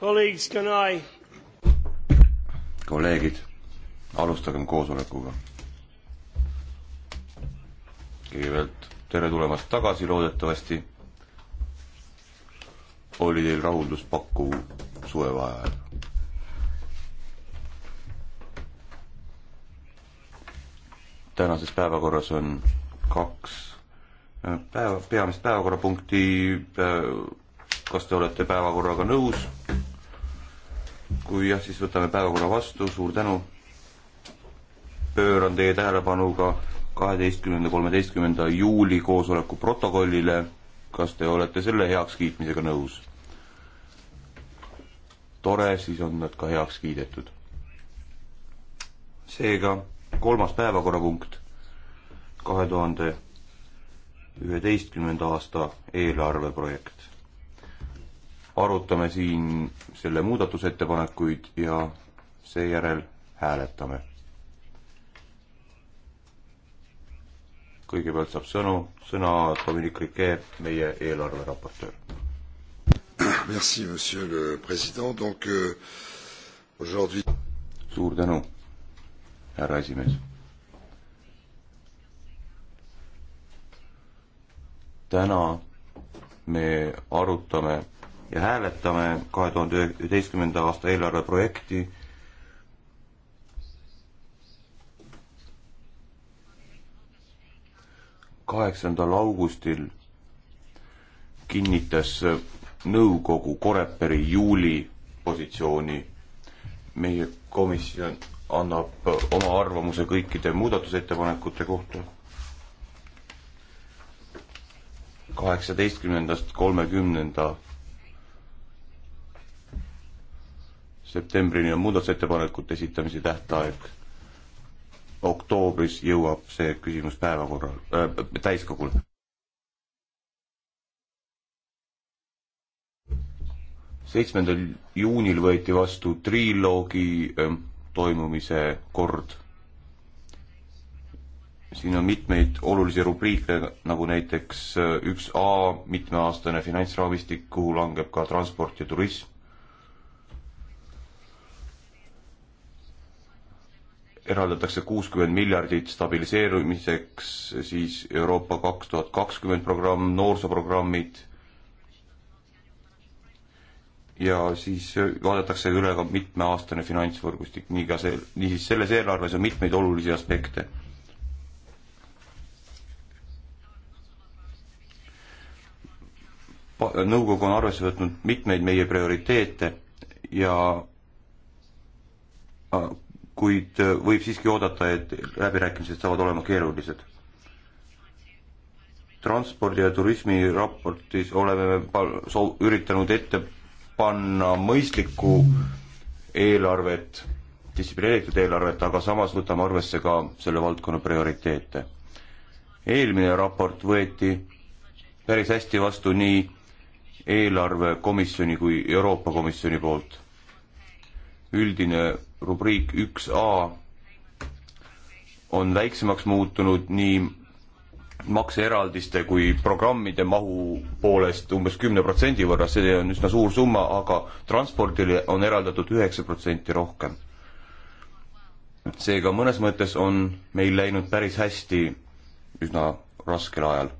kolleegid, alustagem koosolekuga. kõigepealt tere tulemast tagasi, loodetavasti oli teil rahulduspakkuv suvevaheaeg. tänases päevakorras on kaks äh, päeva, peamist päevakorrapunkti. Äh, kas te olete päevakorraga nõus? kui jah, siis võtame päevakorra vastu, suur tänu. pööran teie tähelepanu ka kaheteistkümnenda, kolmeteistkümnenda juuli koosoleku protokollile. kas te olete selle heakskiitmisega nõus? tore, siis on nad ka heaks kiidetud. seega kolmas päevakorrapunkt, kahe tuhande üheteistkümnenda aasta eelarveprojekt arutame siin selle muudatusettepanekuid ja seejärel hääletame. kõigepealt saab sõnu, sõna Dominic Riquet, meie eelarveraportöör. Merci, monsieur le president, donc euh, aujourd'hui. suur tänu, härra esimees. täna me arutame ja hääletame kahe tuhande üheteistkümnenda aasta eelarve projekti. kaheksandal augustil kinnitas nõukogu Koreperi juuli positsiooni. meie komisjon annab oma arvamuse kõikide muudatusettepanekute kohta kaheksateistkümnendast kolmekümnenda septembrini on muudatusettepanekute esitamise tähtaeg. oktoobris jõuab see küsimus päevakorral äh,, täiskogule. seitsmendal juunil võeti vastu triloogi ähm, toimumise kord. siin on mitmeid olulisi rubriike, nagu näiteks äh, üks A mitmeaastane finantsraamistik, kuhu langeb ka transport ja turism eraldatakse kuuskümmend miljardit stabiliseerumiseks, siis Euroopa kaks tuhat kakskümmend programm, noorsooprogrammid ja siis vaadatakse üle ka mitmeaastane finantsvõrgustik, nii ka see, niisiis selles eelarves on mitmeid olulisi aspekte. nõukogu on arvesse võtnud mitmeid meie prioriteete ja kuid äh, võib siiski oodata, et läbirääkimised saavad olema keerulised. transpordi ja turismi raportis oleme soo-, üritanud ette panna mõistlikku eelarvet, distsiplineeritud eelarvet, aga samas võtame arvesse ka selle valdkonna prioriteete. eelmine raport võeti päris hästi vastu nii eelarvekomisjoni kui Euroopa Komisjoni poolt. üldine rubriik üks A on väiksemaks muutunud nii makseeraldiste kui programmide mahu poolest umbes kümne protsendi võrra, see on üsna suur summa, aga transpordile on eraldatud üheksa protsenti rohkem. seega mõnes mõttes on meil läinud päris hästi üsna raskel ajal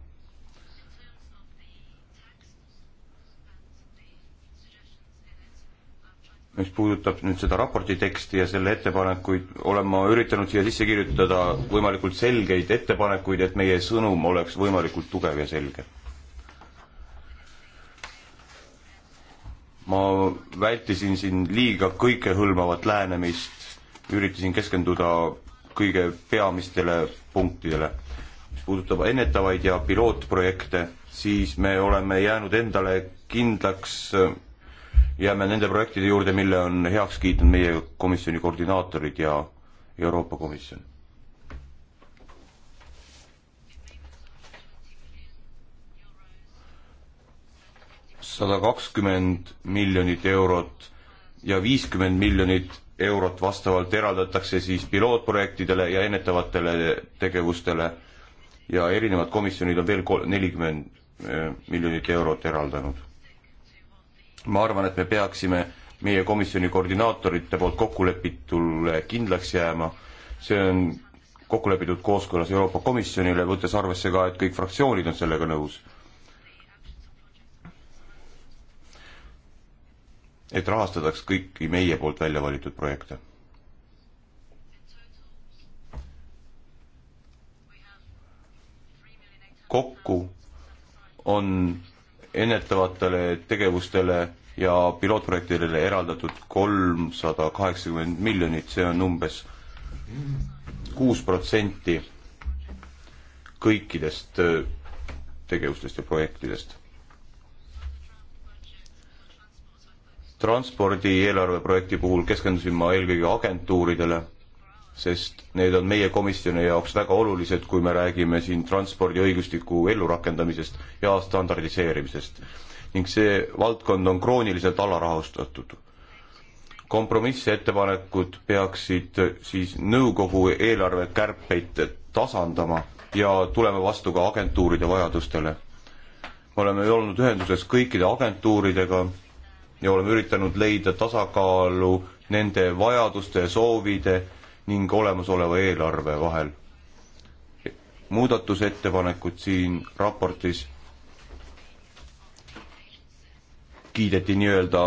mis puudutab nüüd seda raporti teksti ja selle ettepanekuid, olen ma üritanud siia sisse kirjutada võimalikult selgeid ettepanekuid, et meie sõnum oleks võimalikult tugev ja selge. ma vältisin siin liiga kõikehõlmavat lähenemist, üritasin keskenduda kõige peamistele punktidele. mis puudutab ennetavaid ja pilootprojekte, siis me oleme jäänud endale kindlaks jääme nende projektide juurde, mille on heaks kiitnud meie komisjoni koordinaatorid ja Euroopa Komisjon. sada kakskümmend miljonit eurot ja viiskümmend miljonit eurot vastavalt eraldatakse siis pilootprojektidele ja ennetavatele tegevustele ja erinevad komisjonid on veel nelikümmend eh, miljonit eurot eraldanud ma arvan, et me peaksime meie komisjoni koordinaatorite poolt kokkulepitule kindlaks jääma, see on kokku lepitud kooskõlas Euroopa Komisjonile, võttes arvesse ka, et kõik fraktsioonid on sellega nõus. et rahastataks kõiki meie poolt välja valitud projekte. kokku on ennetavatele tegevustele ja pilootprojektidele eraldatud kolmsada kaheksakümmend miljonit, see on umbes kuus protsenti kõikidest äh, tegevustest ja projektidest. transpordi eelarveprojekti puhul keskendusin ma eelkõige agentuuridele sest need on meie komisjoni jaoks väga olulised, kui me räägime siin transpordiõigustiku ellurakendamisest ja standardiseerimisest. ning see valdkond on krooniliselt alarahastatud. kompromissettepanekud peaksid siis nõukogu eelarvekärpeid tasandama ja tulema vastu ka agentuuride vajadustele. me oleme olnud ühenduses kõikide agentuuridega ja oleme üritanud leida tasakaalu nende vajaduste ja soovide ning olemasoleva eelarve vahel. muudatusettepanekud siin raportis kiideti nii-öelda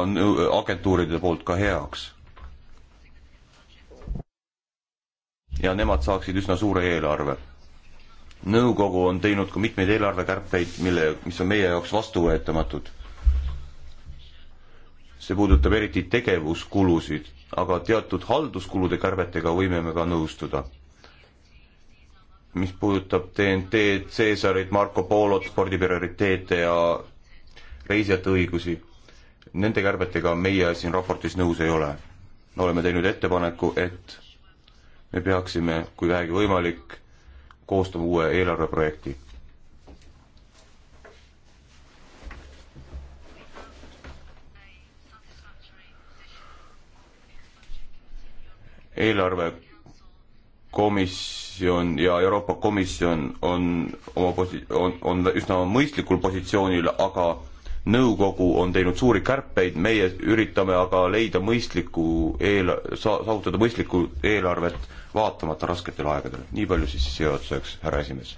agentuuride poolt ka heaks. ja nemad saaksid üsna suure eelarve. nõukogu on teinud ka mitmeid eelarvekärpeid, mille, mis on meie jaoks vastuvõetamatud. see puudutab eriti tegevuskulusid aga teatud halduskulude kärbetega võime me ka nõustuda. mis puudutab TNT-d, Caesarit, Marco Polot, spordiprioriteete ja reisijate õigusi, nende kärbetega meie siin raportis nõus ei ole. me oleme teinud ettepaneku, et me peaksime, kui vähegi võimalik, koostama uue eelarveprojekti eelarvekomisjon ja Euroopa Komisjon on oma posi-, on, on üsna mõistlikul positsioonil, aga nõukogu on teinud suuri kärpeid, meie üritame aga leida mõistlikku eel-, sa-, saavutada mõistlikku eelarvet vaatamata rasketele aegadele. nii palju siis sissejuhatuseks, härra esimees.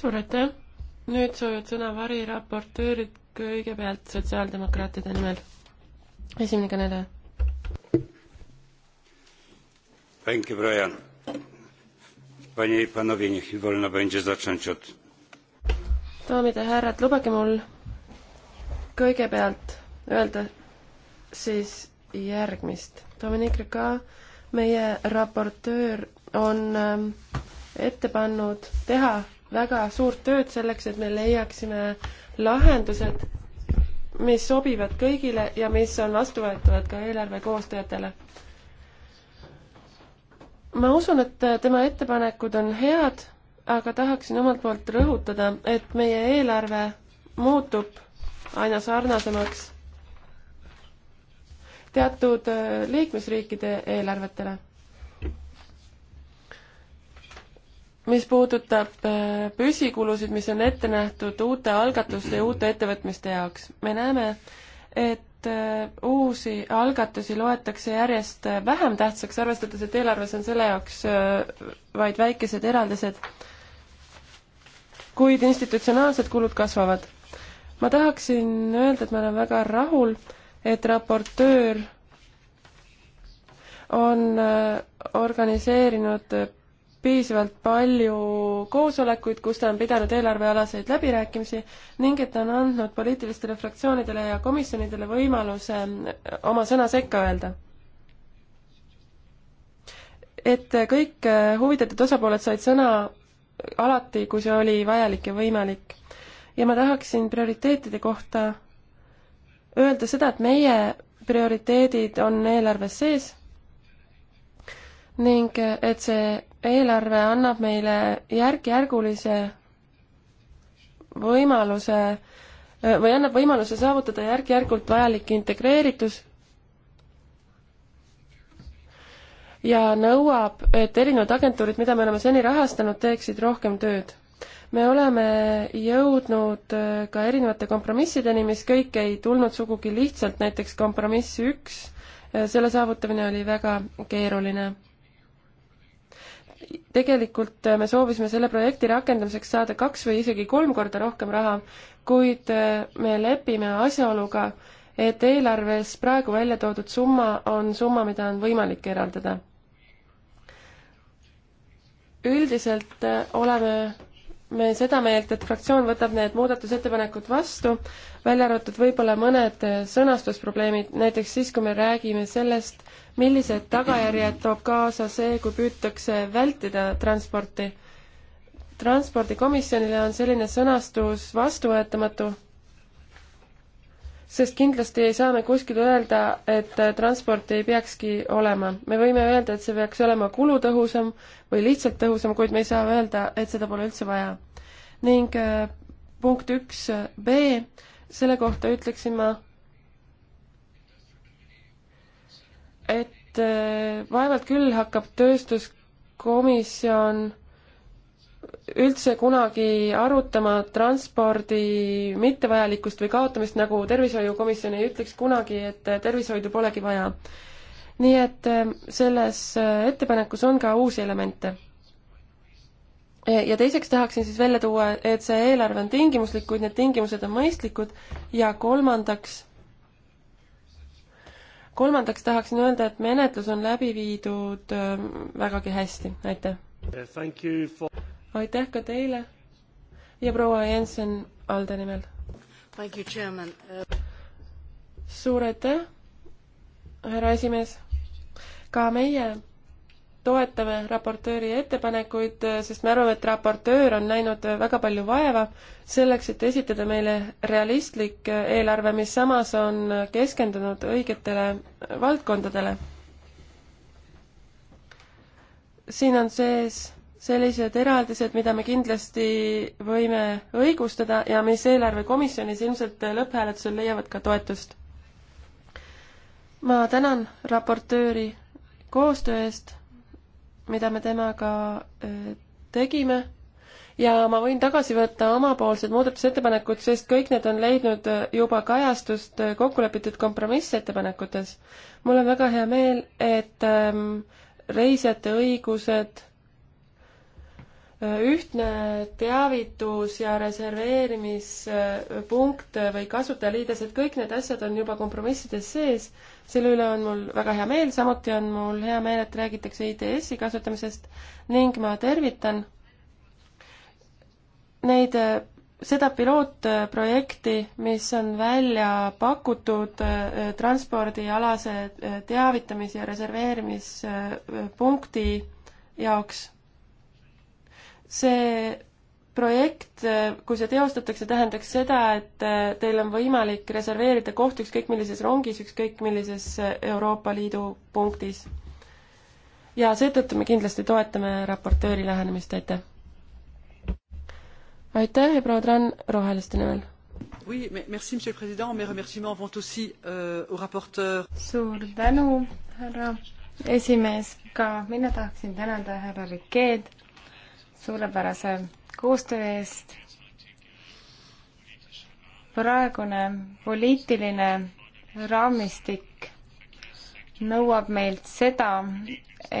suur aitäh! nüüd soovivad sõna variraportöörid kõigepealt sotsiaaldemokraatide nimel. esimene kõneleja Thank you, Brian. Panie i panowie, niech mi wolno będzie zacząć od... daamid ja härrad, lubage mul kõigepealt öelda siis järgmist. Dominic Rica, meie raportöör, on ähm, ette pannud teha väga suurt tööd selleks, et me leiaksime lahendused, mis sobivad kõigile ja mis on vastuvõetavad ka eelarve koostajatele ma usun, et tema ettepanekud on head, aga tahaksin omalt poolt rõhutada, et meie eelarve muutub aina sarnasemaks teatud äh, liikmesriikide eelarvetele mis puudutab äh, püsikulusid, mis on ette nähtud uute algatuste ja uute ettevõtmiste jaoks, me näeme, et et äh, uusi algatusi loetakse järjest äh, vähem tähtsaks, arvestades, et eelarves on selle jaoks äh, vaid väikesed eraldised, kuid institutsionaalsed kulud kasvavad. ma tahaksin öelda, et ma olen väga rahul, et raportöör on organiseerinud piisavalt palju koosolekuid, kus ta on pidanud eelarvealaseid läbirääkimisi ning et ta on andnud poliitilistele fraktsioonidele ja komisjonidele võimaluse ähm, oma sõna sekka öelda. et kõik äh, huvitatud osapooled said sõna alati, kui see oli vajalik ja võimalik. ja ma tahaksin prioriteetide kohta öelda seda, et meie prioriteedid on eelarves sees ning äh, et see eelarve annab meile järk-järgulise võimaluse või annab võimaluse saavutada järk-järgult vajalik integreeritus ja nõuab, et erinevad agentuurid, mida me oleme seni rahastanud, teeksid rohkem tööd. me oleme jõudnud ka erinevate kompromissideni, mis kõik ei tulnud sugugi lihtsalt, näiteks kompromiss üks, selle saavutamine oli väga keeruline tegelikult äh, me soovisime selle projekti rakendamiseks saada kaks või isegi kolm korda rohkem raha, kuid äh, me lepime asjaoluga, et eelarves praegu välja toodud summa on summa, mida on võimalik eraldada. üldiselt äh, oleme me seda meelt, et fraktsioon võtab need muudatusettepanekud vastu, välja arvatud võib-olla mõned sõnastusprobleemid, näiteks siis, kui me räägime sellest, millised tagajärjed toob kaasa see, kui püütakse vältida transporti. transpordikomisjonile on selline sõnastus vastuvõetamatu sest kindlasti ei saa me kuskil öelda, et äh, transport ei peakski olema. me võime öelda, et see peaks olema kulutõhusam või lihtsalt tõhusam, kuid me ei saa öelda, et seda pole üldse vaja. ning äh, punkt üks B, selle kohta ütleksin ma, et äh, vaevalt küll hakkab tööstuskomisjon üldse kunagi arutama transpordi mittevajalikkust või kaotamist, nagu Tervishoiukomisjon ei ütleks kunagi, et tervishoidu polegi vaja. nii et äh, selles äh, ettepanekus on ka uusi elemente. E, ja teiseks tahaksin siis välja tuua, et see eelarve on tingimuslik, kuid need tingimused on mõistlikud ja kolmandaks, kolmandaks tahaksin öelda, et menetlus on läbi viidud äh, vägagi hästi, aitäh! For aitäh ka teile ja proua Jensen Alde nimel. suur aitäh, härra esimees. ka meie toetame raportööri ettepanekuid, sest me arvame, et raportöör on näinud väga palju vaeva selleks, et esitada meile realistlik eelarve, mis samas on keskendunud õigetele valdkondadele. siin on sees sellised eraldised, mida me kindlasti võime õigustada ja mis eelarvekomisjonis ilmselt lõpphääletusel leiavad ka toetust. ma tänan raportööri koostöö eest, mida me temaga äh, tegime ja ma võin tagasi võtta omapoolsed muudatusettepanekud, sest kõik need on leidnud juba kajastust kokkulepitud kompromissettepanekutes. mul on väga hea meel, et ähm, reisijate õigused ühtne teavitus ja reserveerimispunkt või kasutajaliides, et kõik need asjad on juba kompromissides sees. selle üle on mul väga hea meel, samuti on mul hea meel, et räägitakse ITS-i kasutamisest ning ma tervitan neid, eh, seda pilootprojekti, mis on välja pakutud eh, transpordialase eh, teavitamis- ja reserveerimispunkti jaoks see projekt, kui see teostatakse, tähendaks seda, et äh, teil on võimalik reserveerida koht ükskõik millises rongis, ükskõik millises äh, Euroopa Liidu punktis. ja seetõttu me kindlasti toetame raportööri lähenemist, aitäh! aitäh ja proua Trann Roheliste nimel! Oui, merci Monsieur le Président. Mes remerciements vont aussi euh, au rapporteur. Suur tänu, härra esimees. Ka mina tahaksin tänada härra Rikeed suurepärase koostöö eest. praegune poliitiline raamistik nõuab meilt seda,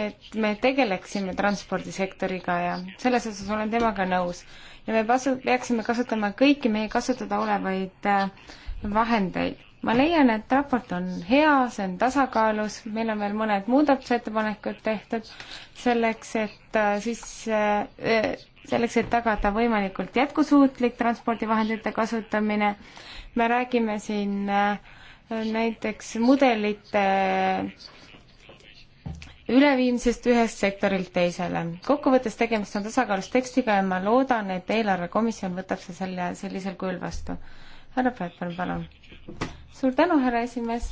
et me tegeleksime transpordisektoriga ja selles osas olen temaga nõus. ja me pasu-, peaksime kasutama kõiki meie kasutada olevaid äh, vahendeid ma leian, et raport on hea, see on tasakaalus, meil on veel mõned muudatusettepanekud tehtud selleks, et äh, siis äh, selleks, et tagada võimalikult jätkusuutlik transpordivahendite kasutamine. me räägime siin äh, näiteks mudelite üleviimisest ühest sektorilt teisele. kokkuvõttes tegemist on tasakaalus tekstiga ja ma loodan, et eelarvekomisjon võtab see selle sellisel kujul vastu. härra Peeter, palun suur tänu, härra esimees.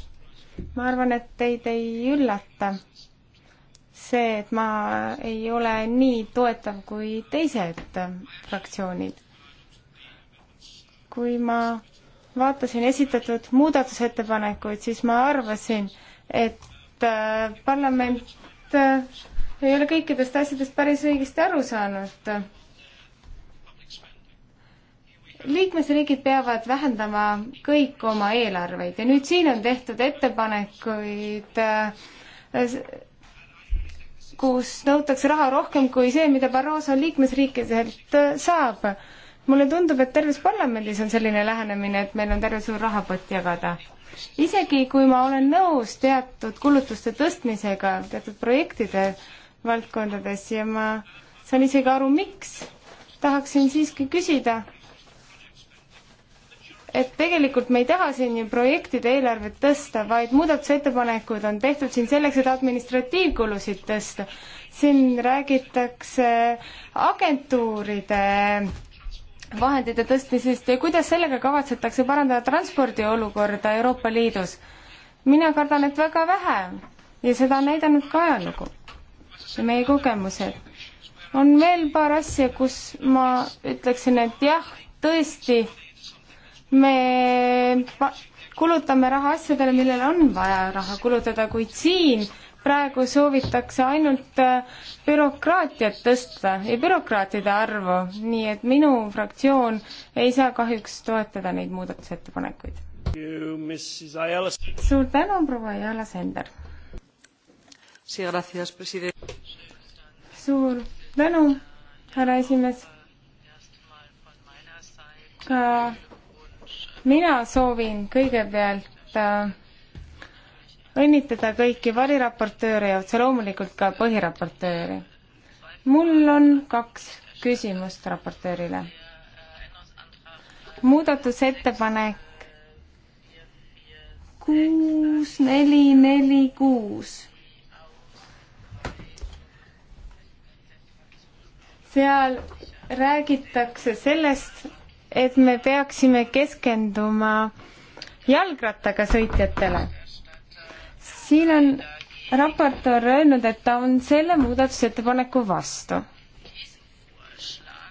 ma arvan, et teid ei üllata see, et ma ei ole nii toetav kui teised fraktsioonid. kui ma vaatasin esitatud muudatusettepanekuid, siis ma arvasin, et äh, parlament äh, ei ole kõikidest asjadest päris õigesti aru saanud liikmesriigid peavad vähendama kõik oma eelarveid ja nüüd siin on tehtud ettepanekuid, äh, kus nõutakse raha rohkem kui see, mida Barroso liikmesriikidelt äh, saab. mulle tundub, et terves parlamendis on selline lähenemine, et meil on terve suur rahapott jagada. isegi kui ma olen nõus teatud kulutuste tõstmisega teatud projektide valdkondades ja ma saan isegi aru, miks, tahaksin siiski küsida et tegelikult me ei taha siin ju projektide eelarvet tõsta, vaid muudatusettepanekud on tehtud siin selleks, et administratiivkulusid tõsta. siin räägitakse agentuuride vahendite tõstmisest ja kuidas sellega kavatsetakse parandada transpordi olukorda Euroopa Liidus. mina kardan, et väga vähe ja seda on näidanud ka ajalugu ja meie kogemused. on veel paar asja, kus ma ütleksin, et jah, tõesti me kulutame raha asjadele, millele on vaja raha kulutada, kuid siin praegu soovitakse ainult äh, bürokraatiat tõsta ja bürokraatide arvu, nii et minu fraktsioon ei saa kahjuks toetada neid muudatusettepanekuid. suur tänu, proua Ayala Sender. suur tänu, härra esimees. ka mina soovin kõigepealt äh, õnnitleda kõiki variraportööre ja otse loomulikult ka põhiraportööri. mul on kaks küsimust raportöörile. muudatusettepanek kuus, neli, neli, kuus. seal räägitakse sellest, et me peaksime keskenduma jalgrattaga sõitjatele. siin on raportöör öelnud, et ta on selle muudatusettepaneku vastu.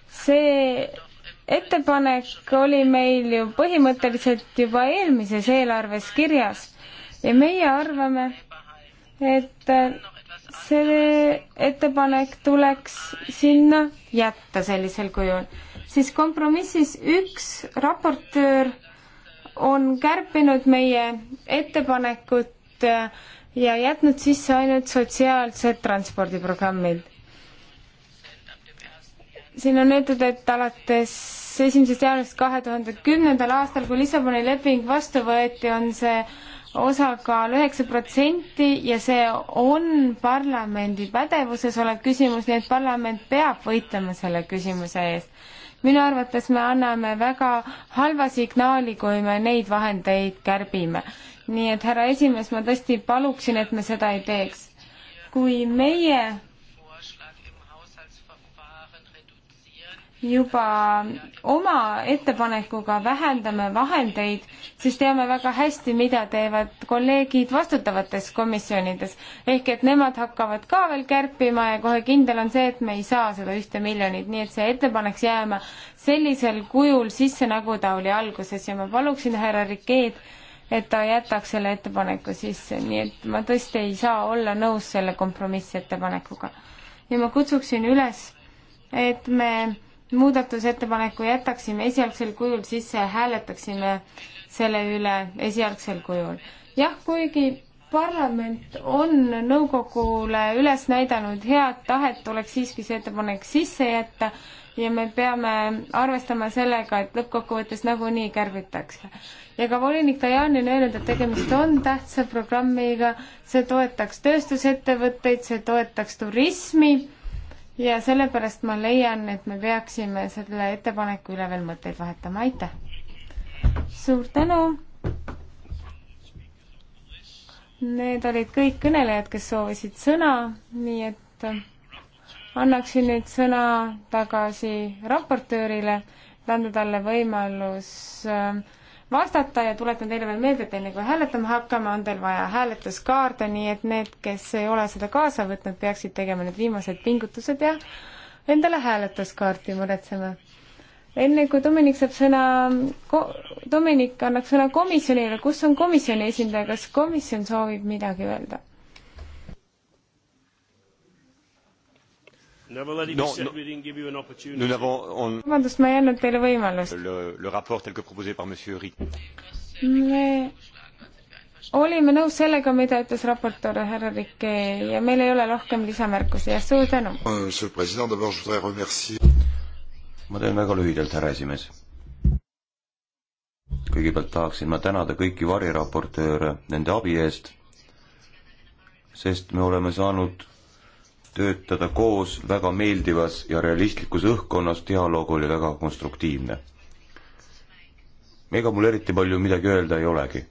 see ettepanek oli meil ju põhimõtteliselt juba eelmises eelarves kirjas ja meie arvame, et see ettepanek tuleks sinna jätta sellisel kujul siis kompromissis üks raportöör on kärpinud meie ettepanekut äh, ja jätnud sisse ainult sotsiaalsed transpordiprogrammid siin on öeldud, et alates esimesest jaanuarist kahe tuhande kümnendal aastal, kui Lissaboni leping vastu võeti, on see osakaal üheksa protsenti ja see on parlamendi pädevuses olev küsimus, nii et parlament peab võitlema selle küsimuse eest minu arvates me anname väga halva signaali, kui me neid vahendeid kärbime. nii et härra esimees, ma tõesti paluksin, et me seda ei teeks. kui meie juba oma ettepanekuga vähendame vahendeid, siis teame väga hästi, mida teevad kolleegid vastutavates komisjonides. ehk et nemad hakkavad ka veel kärpima ja kohe kindel on see, et me ei saa seda ühte miljonit, nii et see ettepanek jääma sellisel kujul sisse, nagu ta oli alguses ja ma paluksin härra Rikeed, et ta jätaks selle ettepaneku sisse, nii et ma tõesti ei saa olla nõus selle kompromissettepanekuga. ja ma kutsuksin üles, et me muudatusettepaneku jätaksime esialgsel kujul sisse ja hääletaksime selle üle esialgsel kujul. jah, kuigi parlament on nõukogule üles näidanud head tahet, tuleks siiski see ettepanek sisse jätta ja me peame arvestama sellega, et lõppkokkuvõttes nagunii kärbitakse. ja ka volinik Dajani on öelnud, et tegemist on tähtsa programmiga, see toetaks tööstusettevõtteid, see toetaks turismi ja sellepärast ma leian, et me peaksime selle ettepaneku üle veel mõtteid vahetama, aitäh! suur tänu! Need olid kõik kõnelejad, kes soovisid sõna, nii et annaksin nüüd sõna tagasi raportöörile, et anda talle võimalus äh, vastata ja tuletan teile veel meelde, et enne kui hääletama hakkame, on teil vaja hääletuskaarte, nii et need, kes ei ole seda kaasa võtnud, peaksid tegema need viimased pingutused ja endale hääletuskaarti muretsema. enne kui Dominik saab sõna, Dominik annaks sõna komisjonile, kus on komisjoni esindaja, kas komisjon soovib midagi öelda? vabandust, ma ei andnud teile võimalust. me olime nõus sellega, mida ütles raportöör härra Rikke ja meil ei ole rohkem lisamärkusi ja suur tänu. ma teen väga lühidalt, härra esimees. kõigepealt tahaksin ma tänada kõiki variraportööre nende abi eest, sest me oleme saanud töötada koos väga meeldivas ja realistlikus õhkkonnas, dialoog oli väga konstruktiivne. ega mul eriti palju midagi öelda ei olegi.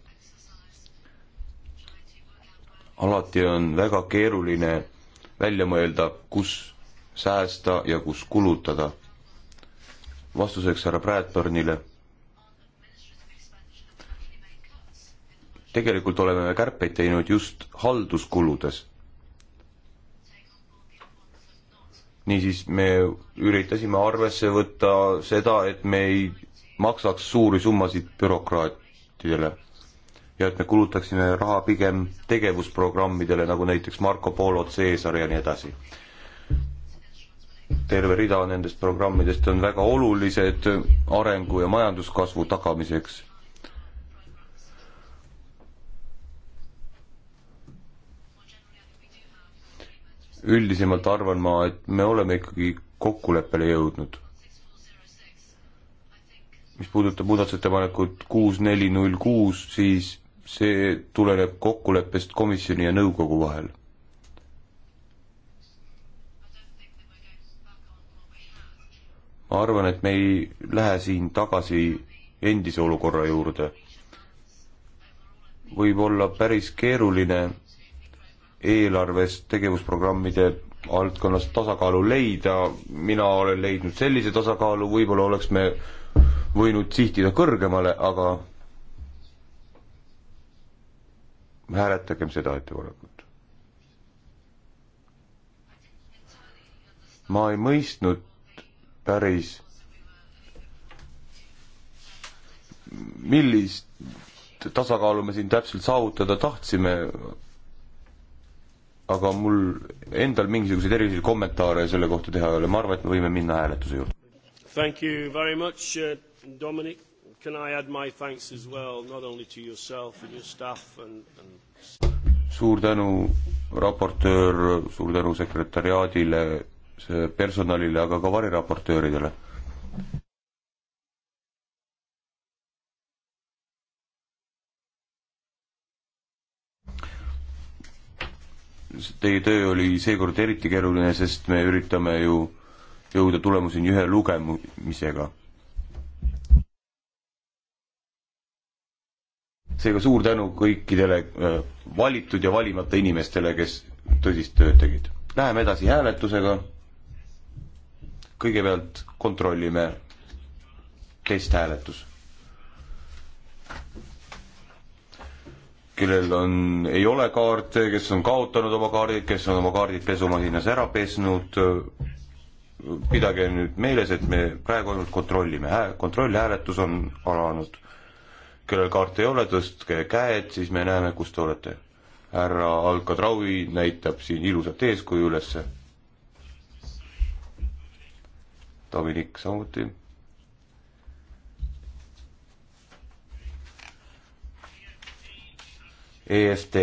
alati on väga keeruline välja mõelda, kus säästa ja kus kulutada. vastuseks härra Bradburnile. tegelikult oleme me kärpeid teinud just halduskuludes niisiis me üritasime arvesse võtta seda, et me ei maksaks suuri summasid bürokraatidele ja et me kulutaksime raha pigem tegevusprogrammidele, nagu näiteks Marco Polo, Caesar ja nii edasi. terve rida nendest programmidest on väga olulised arengu ja majanduskasvu tagamiseks üldisemalt arvan ma, et me oleme ikkagi kokkuleppele jõudnud. mis puudutab muudatusettepanekut kuus neli null kuus, siis see tuleneb kokkuleppest komisjoni ja nõukogu vahel. ma arvan, et me ei lähe siin tagasi endise olukorra juurde. võib olla päris keeruline eelarves tegevusprogrammide valdkonnas tasakaalu leida, mina olen leidnud sellise tasakaalu, võib-olla oleks me võinud sihtida kõrgemale, aga hääletagem seda ettepanekut. ma ei mõistnud päris, millist tasakaalu me siin täpselt saavutada tahtsime, aga mul endal mingisuguseid erilisi kommentaare selle kohta teha ei ole, ma arvan, et me võime minna hääletuse juurde. Thank you very much, uh, Dominic. Can I add my thanks as well, not only to yourself and your staff and, and suur tänu, raportöör, suur tänu sekretäriaadile, personalile, aga ka variraportööridele teie töö oli seekord eriti keeruline, sest me üritame ju jõuda tulemuseni ühe lugemisega. seega suur tänu kõikidele äh, valitud ja valimata inimestele, kes tõsist tööd tegid. Läheme edasi hääletusega. kõigepealt kontrollime testhääletus kellel on, ei ole kaarte, kes on kaotanud oma kaardid, kes on oma kaardid pesumasinas ära pesnud, pidage nüüd meeles, et me praegu ainult kontrollime, kontrollhääletus on alanud. kellel kaarte ei ole, tõstke käed, siis me näeme, kus te olete. härra Alcatraui näitab siin ilusat eeskuju ülesse. Dominik samuti EFT,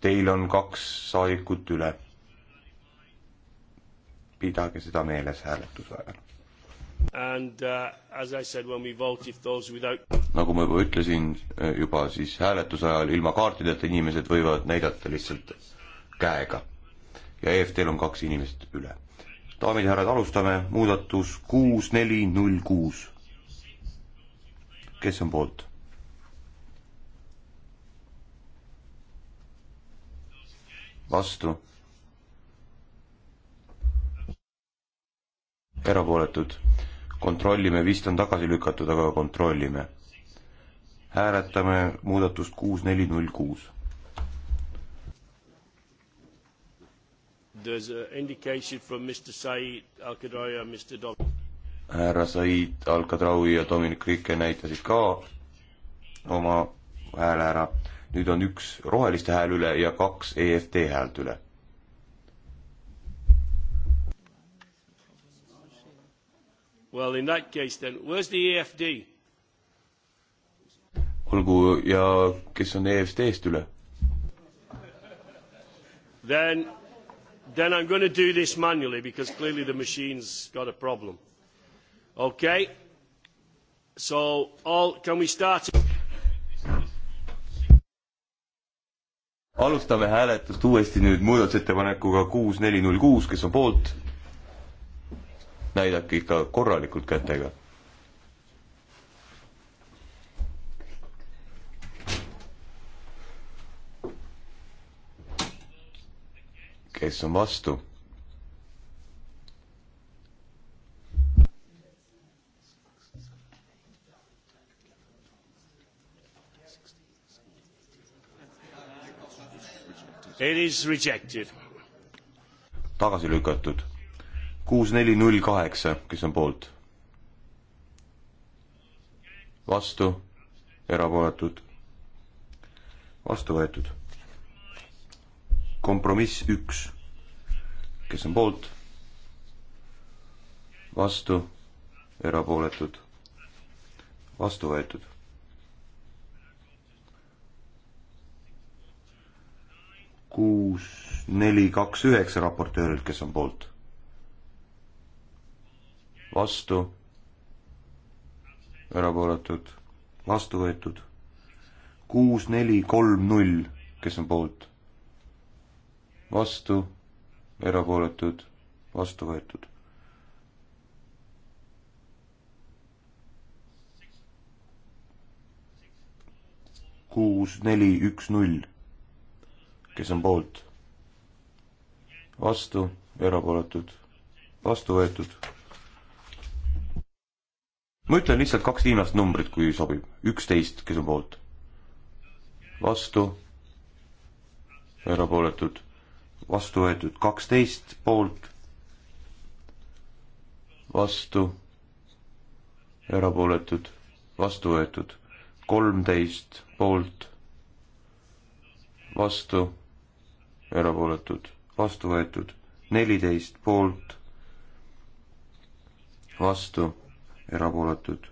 teil on kaks saadikut üle. pidage seda meeles hääletuse ajal. And uh, as I said, when we vote, if those without nagu ma juba ütlesin, eh, juba siis hääletuse ajal ilma kaartideta inimesed võivad näidata lihtsalt käega. ja EFT-l on kaks inimest üle. daamid ja härrad, alustame, muudatus kuus, neli, null, kuus. kes on poolt? vastu, erapooletud. kontrollime, vist on tagasi lükatud, aga kontrollime. hääletame muudatust kuus, neli, null, kuus. There's an indication from Mr Said Al-Qadraoui and Mr Dom- härra Said Al-Qadraoui ja Dominic Rikke näitasid ka oma hääle ära nüüd on üks roheliste hääl üle ja kaks EFT häält üle. Well in that case then, where's the EFD? olgu ja kes on EFT-st üle? Then, then I am going to do this manually because clearly the machine's got a problem. Okay, so all, can we start? alustame hääletust uuesti nüüd muudatusettepanekuga kuus, neli, null, kuus, kes on poolt, näidake ikka korralikult kätega. kes on vastu It is rejected. tagasi lükatud. kuus, neli, null, kaheksa, kes on poolt? vastu, erapooletud, vastu võetud. kompromiss üks, kes on poolt? vastu, erapooletud, vastu võetud kuus, neli, kaks, üheksa raportöörilt, kes on poolt? vastu? erapooletud? vastu võetud? kuus, neli, kolm, null, kes on poolt? vastu? erapooletud? vastu võetud? kuus, neli, üks, null kes on poolt, vastu, erapooletud, vastu võetud. ma ütlen lihtsalt kaks viimast numbrit, kui sobib. üksteist, kes on poolt, vastu, erapooletud, vastu võetud, kaksteist poolt, vastu, erapooletud, vastu võetud, kolmteist poolt, vastu erapooletud, vastu võetud, neliteist poolt, vastu, erapooletud,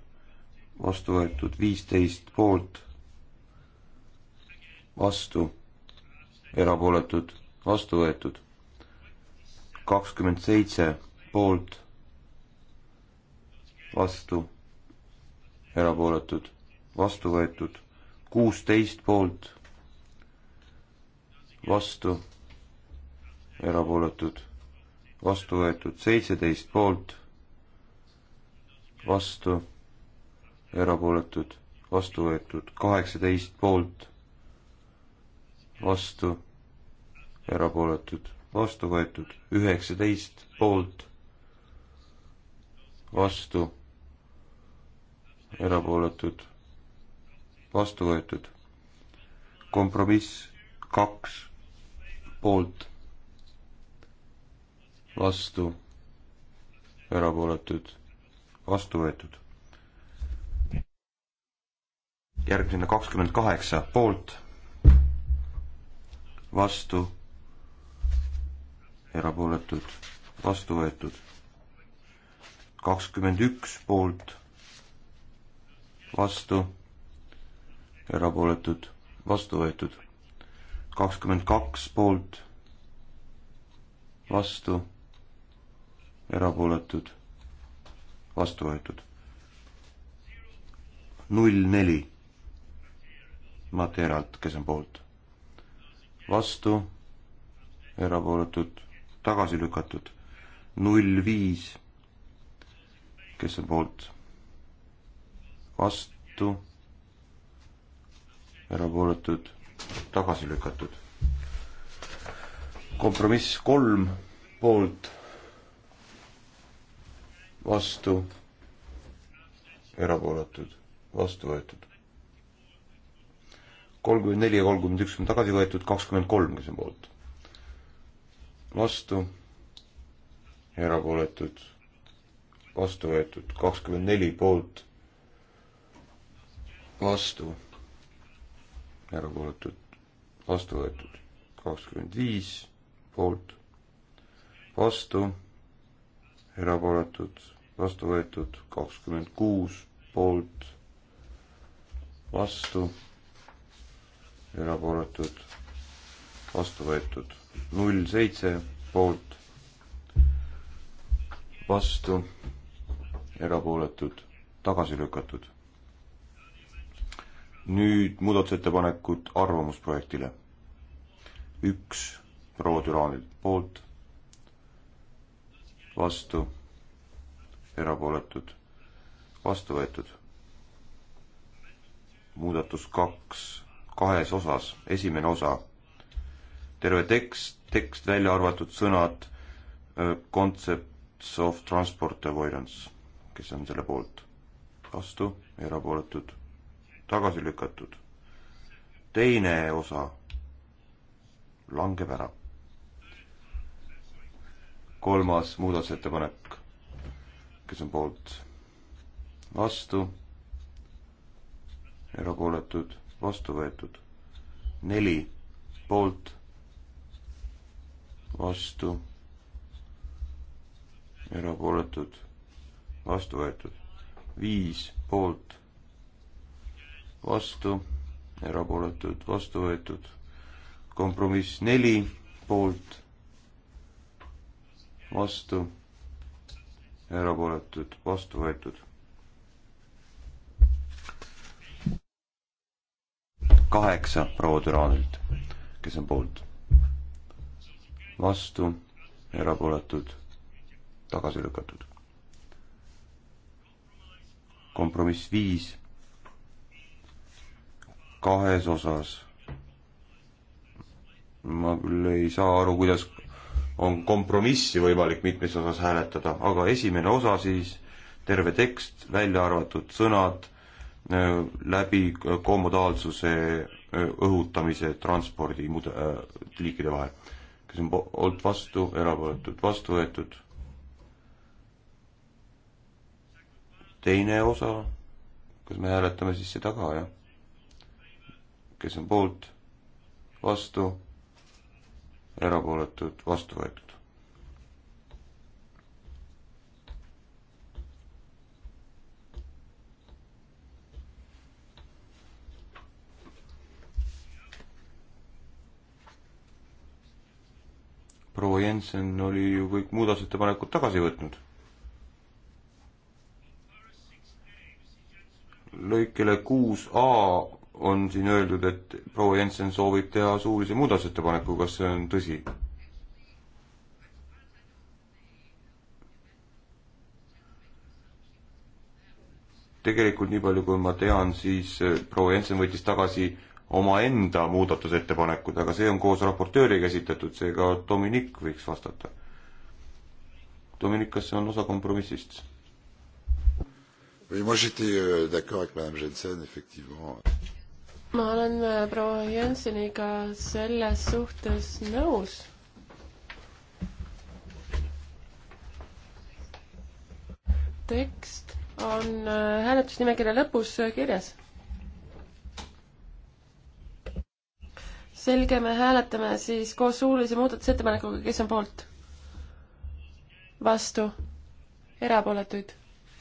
vastu võetud, viisteist poolt, vastu, erapooletud, vastu võetud, kakskümmend seitse poolt, vastu, erapooletud, vastu võetud, kuusteist poolt vastu, erapooletud, vastu võetud seitseteist poolt, vastu, erapooletud, vastu võetud kaheksateist poolt, vastu, erapooletud, vastu võetud üheksateist poolt, vastu, erapooletud, vastu võetud kompromiss kaks poolt, vastu, erapooletud, vastu võetud. järgmisena kakskümmend kaheksa poolt, vastu, erapooletud, vastu võetud. kakskümmend üks poolt, vastu, erapooletud, vastu võetud kakskümmend kaks poolt, vastu, erapooletud, vastu võetud. null neli Materalt, kes on poolt, vastu, erapooletud, tagasi lükatud. null viis, kes on poolt, vastu, erapooletud tagasi lükatud. kompromiss kolm poolt, vastu, erapooletud, vastu võetud. kolmkümmend neli ja kolmkümmend üks on tagasi võetud, kakskümmend kolm, kes on poolt. vastu, erapooletud, vastu võetud, kakskümmend neli poolt, vastu erapooletud, vastu võetud kakskümmend viis poolt, vastu, erapooletud, vastu võetud kakskümmend kuus poolt, vastu, erapooletud, vastu võetud null seitse poolt, vastu, erapooletud, tagasi lükatud nüüd muudatusettepanekud arvamusprojektile. üks proua Türanilt poolt, vastu, erapooletud, vastu võetud. muudatus kaks, kahes osas, esimene osa, terve tekst, tekst välja arvatud sõnad, äh, concepts of transport avoidance, kes on selle poolt, vastu, erapooletud tagasi lükatud. teine osa langeb ära. kolmas muudatusettepanek, kes on poolt, vastu, erapooletud, vastu võetud. neli poolt, vastu, erapooletud, vastu võetud. viis poolt vastu, erapooletud, vastu võetud. kompromiss neli poolt, vastu, erapooletud, vastu võetud. kaheksa proua Türanilt, kes on poolt, vastu, erapooletud, tagasi lükatud. kompromiss viis kahes osas. ma küll ei saa aru, kuidas on kompromissi võimalik mitmes osas hääletada, aga esimene osa siis, terve tekst, välja arvatud sõnad, äh, läbi kommodaalsuse äh, õhutamise transpordi muud- äh,, liikide vahel. kes on poolt vastu, erapooletud vastu võetud. teine osa, kas me hääletame siis seda ka, jah? kes on poolt, vastu, erapooletud, vastu võetud. proua Jensen oli ju kõik muudatusettepanekud tagasi võtnud. lõikele kuus A on siin öeldud, et proua Jensen soovib teha suulise muudatusettepaneku, kas see on tõsi? tegelikult nii palju, kui ma tean, siis äh, proua Jensen võttis tagasi omaenda muudatusettepanekud, aga see on koos raportööriga esitatud, seega Dominik võiks vastata. Dominik, kas see on osa kompromissist? Oui, moi j'étais euh, d'accord avec Madame Jensen, effectivement ma olen äh, proua Jenseniga selles suhtes nõus tekst on äh, hääletusnimekirja lõpus äh, kirjas. selge, me hääletame siis koos suulise muudatusettepanekuga, kes on poolt? vastu? erapooletuid?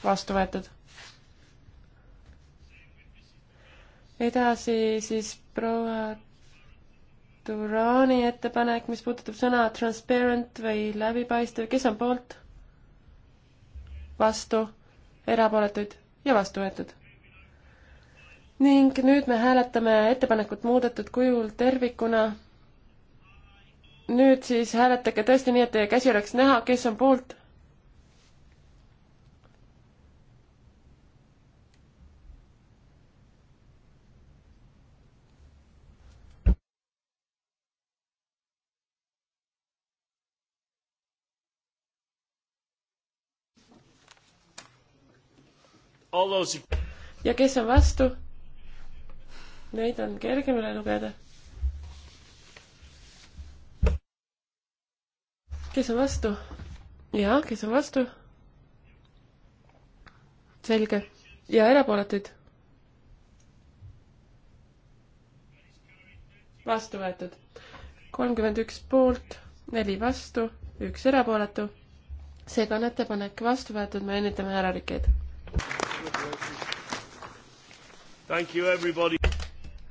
vastu võetud edasi siis proua Turani ettepanek, mis puudutab sõna transparent või läbipaistev, kes on poolt? vastu, erapooletuid ja vastu võetud. ning nüüd me hääletame ettepanekut muudetud kujul tervikuna. nüüd siis hääletage tõesti nii, et teie käsi oleks näha, kes on poolt Those... ja kes on vastu? Neid on kergem üle lugeda. kes on vastu? jaa, kes on vastu? selge. ja erapooletuid? vastu võetud. kolmkümmend üks poolt, neli vastu, üks erapooletu. seega on ettepanek vastu võetud, me õnnitleme härra Rikeid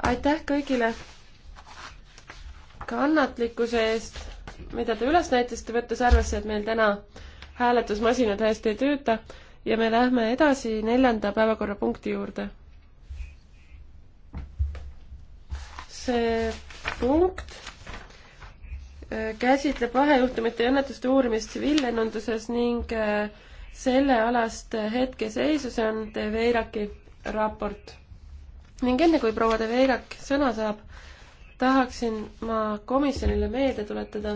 aitäh kõigile kannatlikkuse eest, mida te üles näitasite, võttes arvesse, et meil täna hääletusmasinad hästi ei tööta ja me lähme edasi neljanda päevakorrapunkti juurde. see punkt äh, käsitleb vahejuhtumite ja õnnetuste uurimist tsiviillennunduses ning äh, sellealast hetkeseisu, see on De Veiraki raport. ning enne, kui proua De Veirak sõna saab, tahaksin ma komisjonile meelde tuletada,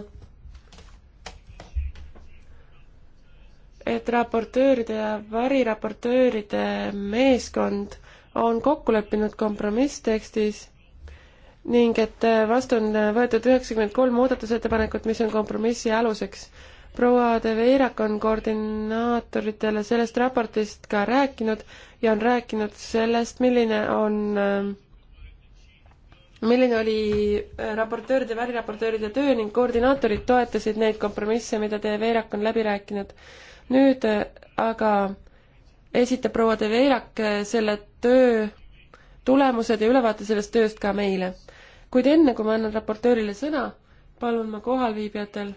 et raportööride ja variraportööride meeskond on kokku leppinud kompromisstekstis ning et vastu on võetud üheksakümmend kolm muudatusettepanekut, mis on kompromissi aluseks proua De Veirak on koordinaatoritele sellest raportist ka rääkinud ja on rääkinud sellest, milline on, äh, milline oli äh, raportööride, väliraportööride töö ning koordinaatorid toetasid neid kompromisse, mida De Veirak on läbi rääkinud. nüüd äh, aga esitab proua De Veirak selle töö tulemused ja ülevaate sellest tööst ka meile. kuid enne, kui ma annan raportöörile sõna, palun ma kohalviibijatel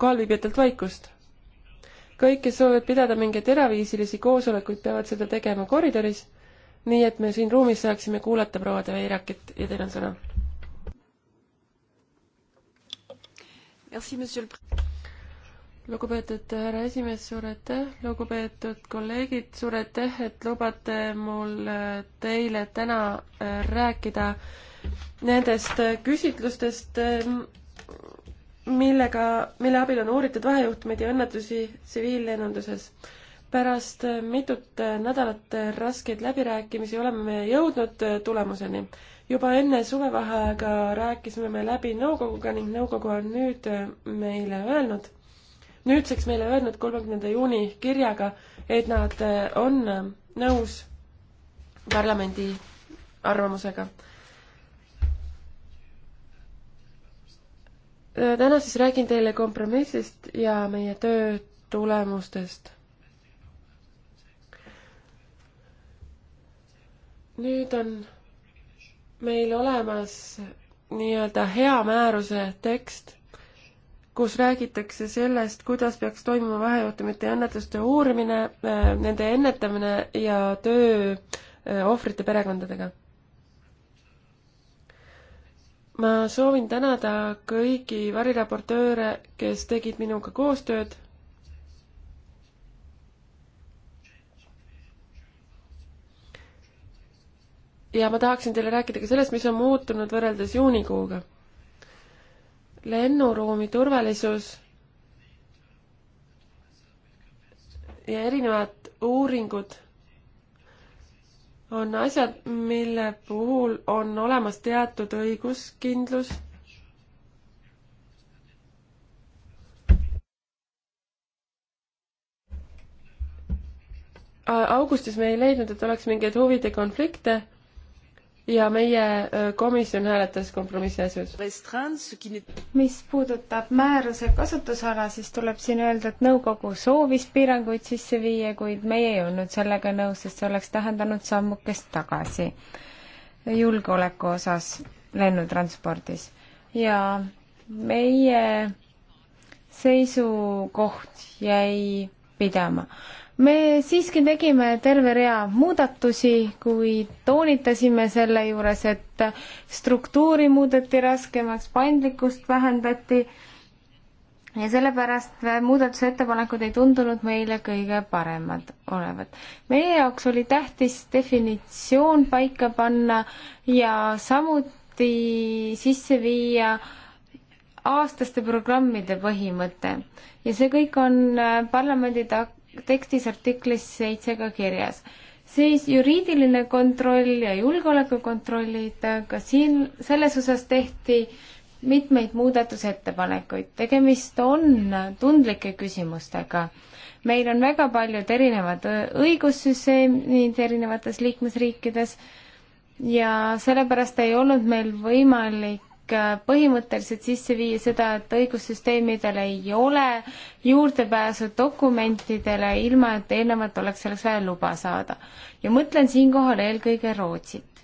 kaalviibijatelt vaikust. kõik, kes soovivad pidada mingeid eraviisilisi koosolekuid, peavad seda tegema koridoris, nii et me siin ruumis saaksime kuulata proua De Veirakit ja teil on sõna. lugupeetud härra esimees, suur aitäh, lugupeetud kolleegid, suur aitäh, et lubate mul äh, teile täna äh, rääkida nendest äh, küsitlustest, ähm, millega, mille abil on uuritud vahejuhtumeid ja õnnetusi tsiviillennunduses. pärast mitut nädalat raskeid läbirääkimisi oleme me jõudnud tulemuseni. juba enne suvevaheaega rääkisime me läbi nõukoguga ning nõukogu on nüüd meile öelnud, nüüdseks meile öelnud kolmekümnenda juuni kirjaga, et nad on nõus parlamendi arvamusega Äh, täna siis räägin teile kompromissist ja meie töö tulemustest. nüüd on meil olemas nii-öelda hea määruse tekst, kus räägitakse sellest, kuidas peaks toimuma vahejuhtumite ja õnnetuste uurimine, äh, nende ennetamine ja töö äh, ohvrite perekondadega ma soovin tänada kõigi variraportööre, kes tegid minuga koostööd. ja ma tahaksin teile rääkida ka sellest, mis on muutunud võrreldes juunikuuga. lennuruumi turvalisus ja erinevad uuringud on asjad, mille puhul on olemas teatud õiguskindlus. augustis me ei leidnud, et oleks mingeid huvide konflikte ja meie komisjon hääletas kompromissi asjus. mis puudutab määruse kasutusala, siis tuleb siin öelda, et nõukogu soovis piiranguid sisse viia, kuid meie ei olnud sellega nõus, sest see oleks tähendanud sammukest tagasi julgeoleku osas lennutranspordis. ja meie seisukoht jäi pidama me siiski tegime terve rea muudatusi, kuid toonitasime selle juures, et struktuuri muudeti raskemaks, paindlikkust vähendati ja sellepärast muudatusettepanekud ei tundunud meile kõige paremad olevat. meie jaoks oli tähtis definitsioon paika panna ja samuti sisse viia aastaste programmide põhimõte ja see kõik on parlamendi tak-, tekstis artiklis seitse ka kirjas. siis juriidiline kontroll ja julgeolekukontrollid, ka siin selles osas tehti mitmeid muudatusettepanekuid, tegemist on tundlike küsimustega. meil on väga paljud erinevad õigussüsteemid erinevates liikmesriikides ja sellepärast ei olnud meil võimalik Äh, põhimõtteliselt sisse viia seda, et õigussüsteemidel ei ole juurdepääsu dokumentidele, ilma et eelnevalt oleks selleks vaja luba saada. ja mõtlen siinkohal eelkõige Rootsit.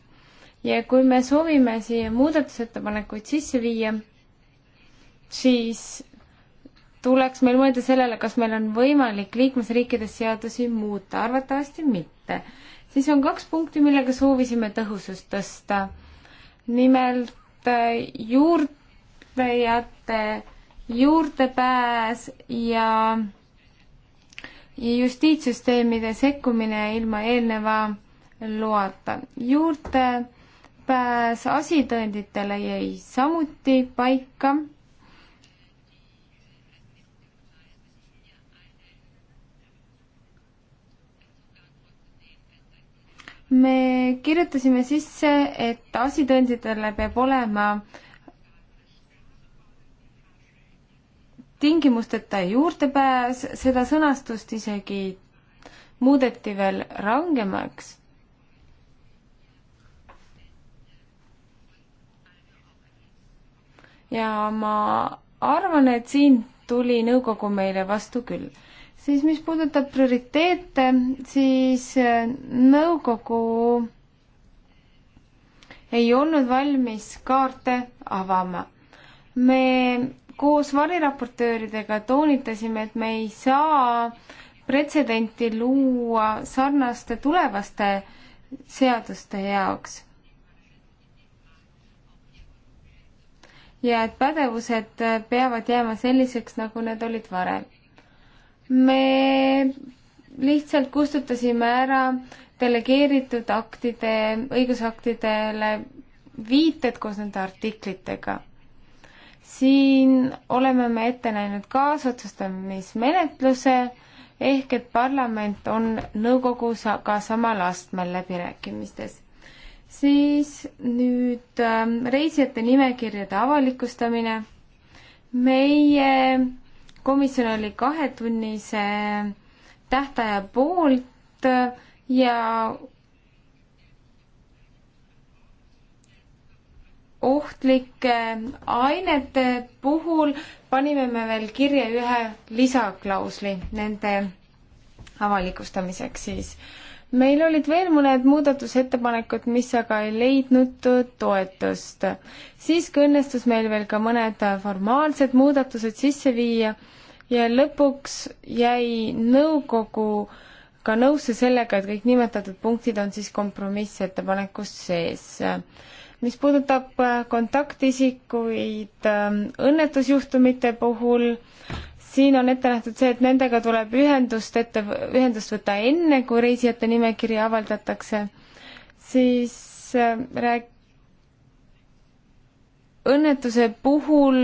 ja kui me soovime siia muudatusettepanekuid sisse viia, siis tuleks meil mõelda sellele, kas meil on võimalik liikmesriikides seadusi muuta, arvatavasti mitte. siis on kaks punkti, millega soovisime tõhusust tõsta. nimelt Äh, juurdlejate juurdepääs ja justiitssüsteemide sekkumine ilma eelneva loata. juurdepääs asitõenditele jäi samuti paika me kirjutasime sisse, et asitõenditele peab olema tingimusteta juurdepääs, seda sõnastust isegi muudeti veel rangemaks. ja ma arvan, et siin tuli nõukogu meile vastu küll siis mis puudutab prioriteete, siis äh, nõukogu ei olnud valmis kaarte avama. me koos variraportööridega toonitasime, et me ei saa pretsedenti luua sarnaste tulevaste seaduste jaoks. ja et pädevused äh, peavad jääma selliseks, nagu need olid varem me lihtsalt kustutasime ära delegeeritud aktide, õigusaktidele viited koos nende artiklitega. siin oleme me ette näinud kaasotsustamismenetluse ehk et parlament on nõukoguga samal astmel läbirääkimistes. siis nüüd äh, reisijate nimekirjade avalikustamine. meie komisjon oli kahetunnise tähtaja poolt ja ohtlike ainete puhul panime me veel kirja ühe lisaklausli nende avalikustamiseks siis äh, meil olid veel mõned muudatusettepanekud, mis aga ei leidnud toetust. siiski õnnestus meil veel ka mõned formaalsed muudatused sisse viia ja lõpuks jäi nõukogu ka nõusse sellega, et kõik nimetatud punktid on siis kompromissettepanekus sees. mis puudutab kontaktisikuid ähm, õnnetusjuhtumite puhul, siin on ette nähtud see, et nendega tuleb ühendust ette, ühendust võtta enne, kui reisijate nimekiri avaldatakse, siis äh, rääk-, õnnetuse puhul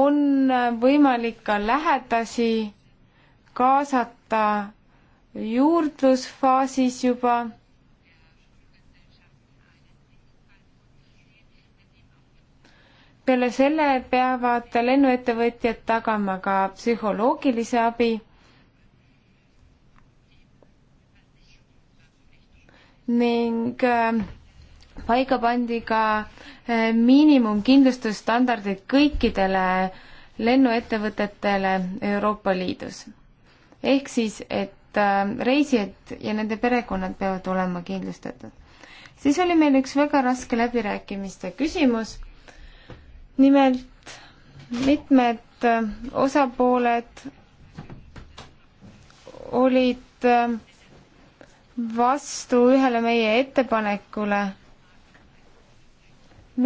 on äh, võimalik ka lähedasi kaasata juurdlusfaasis juba peale selle peavad lennuettevõtjad tagama ka psühholoogilise abi ning äh, paika pandi ka äh, miinimumkindlustusstandardid kõikidele lennuettevõtetele Euroopa Liidus. ehk siis, et äh, reisijad ja nende perekonnad peavad olema kindlustatud. siis oli meil üks väga raske läbirääkimiste küsimus nimelt mitmed äh, osapooled olid äh, vastu ühele meie ettepanekule,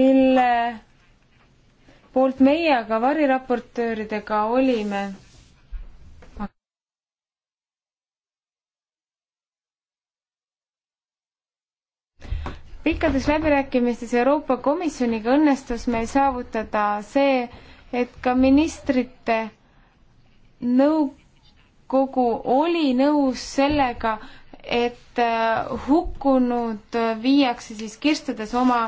mille poolt meie aga variraportööridega olime pikkades läbirääkimistes Euroopa Komisjoniga õnnestus meil saavutada see, et ka ministrite nõukogu oli nõus sellega, et äh, hukkunud viiakse siis kirstudes oma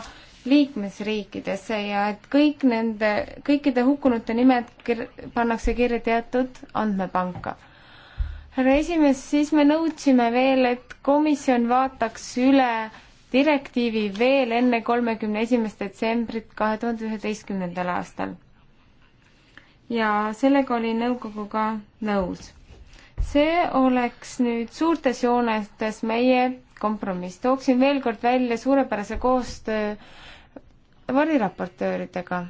liikmesriikidesse ja et kõik nende, kõikide hukkunute nimed kir-, pannakse kirja teatud andmepanka. härra esimees, siis me nõudsime veel, et komisjon vaataks üle direktiivi veel enne kolmekümne esimest detsembrit kahe tuhande üheteistkümnendal aastal. ja sellega oli nõukogu ka nõus. see oleks nüüd suurtes joonetes meie kompromiss. tooksin veel kord välja suurepärase koostöö variraportööridega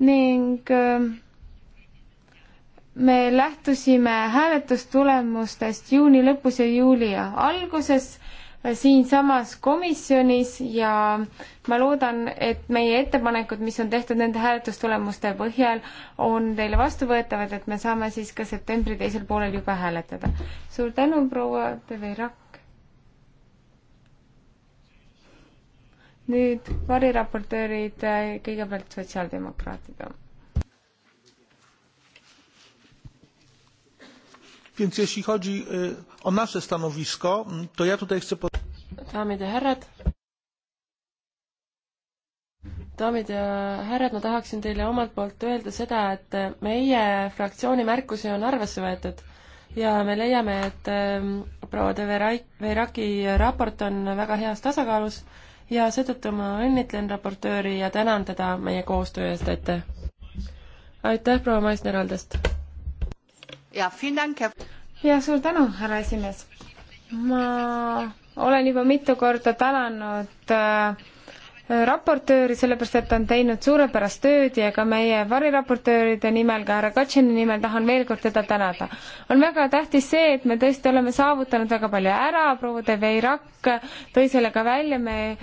ning äh, me lähtusime hääletustulemustest juuni lõpus ja juuli alguses äh, siinsamas komisjonis ja ma loodan, et meie ettepanekud, mis on tehtud nende hääletustulemuste põhjal, on teile vastuvõetavad, et me saame siis ka septembri teisel poolel juba hääletada. suur tänu, proua Deverak. nüüd variraportöörid, äh, kõigepealt sotsiaaldemokraatid Więc jeśli chodzi o nasze stanowisko, to ja tutaj chcę... Daamid ja härrad. daamid ja härrad, ma tahaksin teile omalt poolt öelda seda, et e, meie fraktsiooni märkusi on arvesse võetud ja me leiame, et e, proua de Veraki raport on väga heas tasakaalus ja seetõttu ma õnnitlen raportööri ja tänan teda meie koostöö eest, aitäh! aitäh, proua Maisner-Aldest! ja suur tänu, härra esimees. ma olen juba mitu korda tänanud äh, raportööri, sellepärast et ta on teinud suurepärast tööd ja ka meie variraportööride nimel, ka härra Katšini nimel tahan veel kord teda tänada. on väga tähtis see, et me tõesti oleme saavutanud väga palju ära, proua De Veirak tõi selle ka välja, me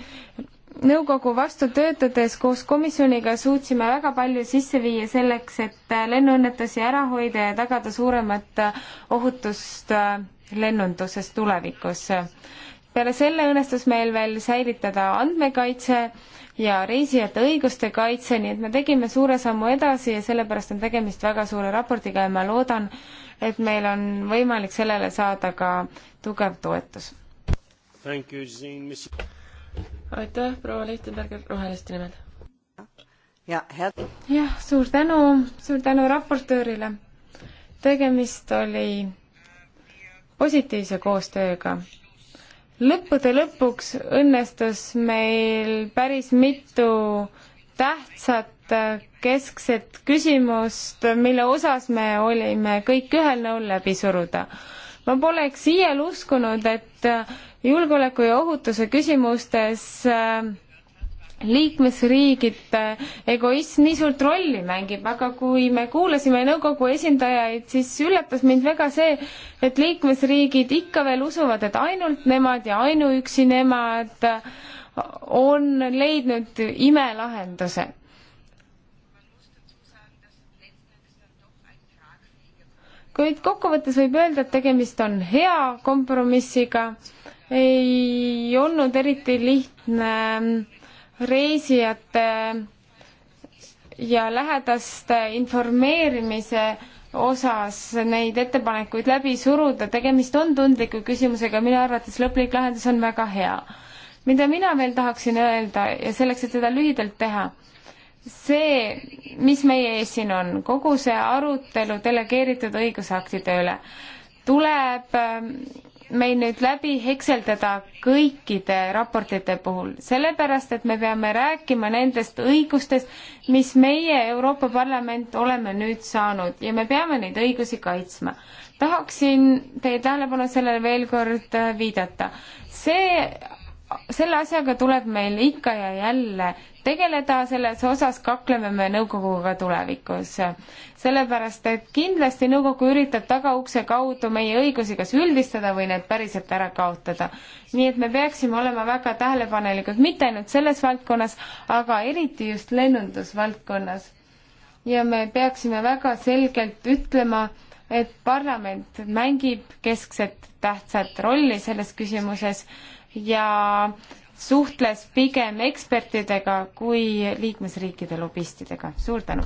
nõukogu vastu töötades koos komisjoniga suutsime väga palju sisse viia selleks, et lennuõnnetusi ära hoida ja tagada suuremat ohutust lennunduses tulevikus. peale selle õnnestus meil veel säilitada andmekaitse ja reisijate õiguste kaitse, nii et me tegime suure sammu edasi ja sellepärast on tegemist väga suure raportiga ja ma loodan, et meil on võimalik sellele saada ka tugev toetus. Thank you, Jean aitäh, proua Lichtenberger Roheliste nimel. jah, suur tänu, suur tänu raportöörile. tegemist oli positiivse koostööga. lõppude lõpuks õnnestus meil päris mitu tähtsat keskset küsimust, mille osas me olime kõik ühel nõul läbi suruda. ma poleks iial uskunud, et julgeoleku ja ohutuse küsimustes äh, liikmesriigid äh, egoism nii suurt rolli mängib, aga kui me kuulasime nõukogu esindajaid, siis üllatas mind väga see, et liikmesriigid ikka veel usuvad, et ainult nemad ja ainuüksi nemad on leidnud imelahenduse kuid kokkuvõttes võib öelda, et tegemist on hea kompromissiga ei olnud eriti lihtne reisijate ja lähedaste informeerimise osas neid ettepanekuid läbi suruda, tegemist on tundliku küsimusega, minu arvates lõplik lahendus on väga hea. mida mina veel tahaksin öelda ja selleks, et seda lühidalt teha, see, mis meie ees siin on, kogu see arutelu delegeeritud õigusaktide üle, tuleb ähm, meil nüüd läbi hekseldada kõikide raportite puhul, sellepärast et me peame rääkima nendest õigustest, mis meie Euroopa Parlament oleme nüüd saanud ja me peame neid õigusi kaitsma. tahaksin teie tähelepanu sellele veel kord äh, viidata. see selle asjaga tuleb meil ikka ja jälle tegeleda, selles osas kakleme me nõukoguga tulevikus. sellepärast, et kindlasti nõukogu üritab tagaukse kaudu meie õigusi kas üldistada või need päriselt ära kaotada. nii et me peaksime olema väga tähelepanelikud, mitte ainult selles valdkonnas, aga eriti just lennundusvaldkonnas. ja me peaksime väga selgelt ütlema, et parlament mängib keskset tähtsat rolli selles küsimuses ja suhtles pigem ekspertidega kui liikmesriikide lobistidega. suur tänu!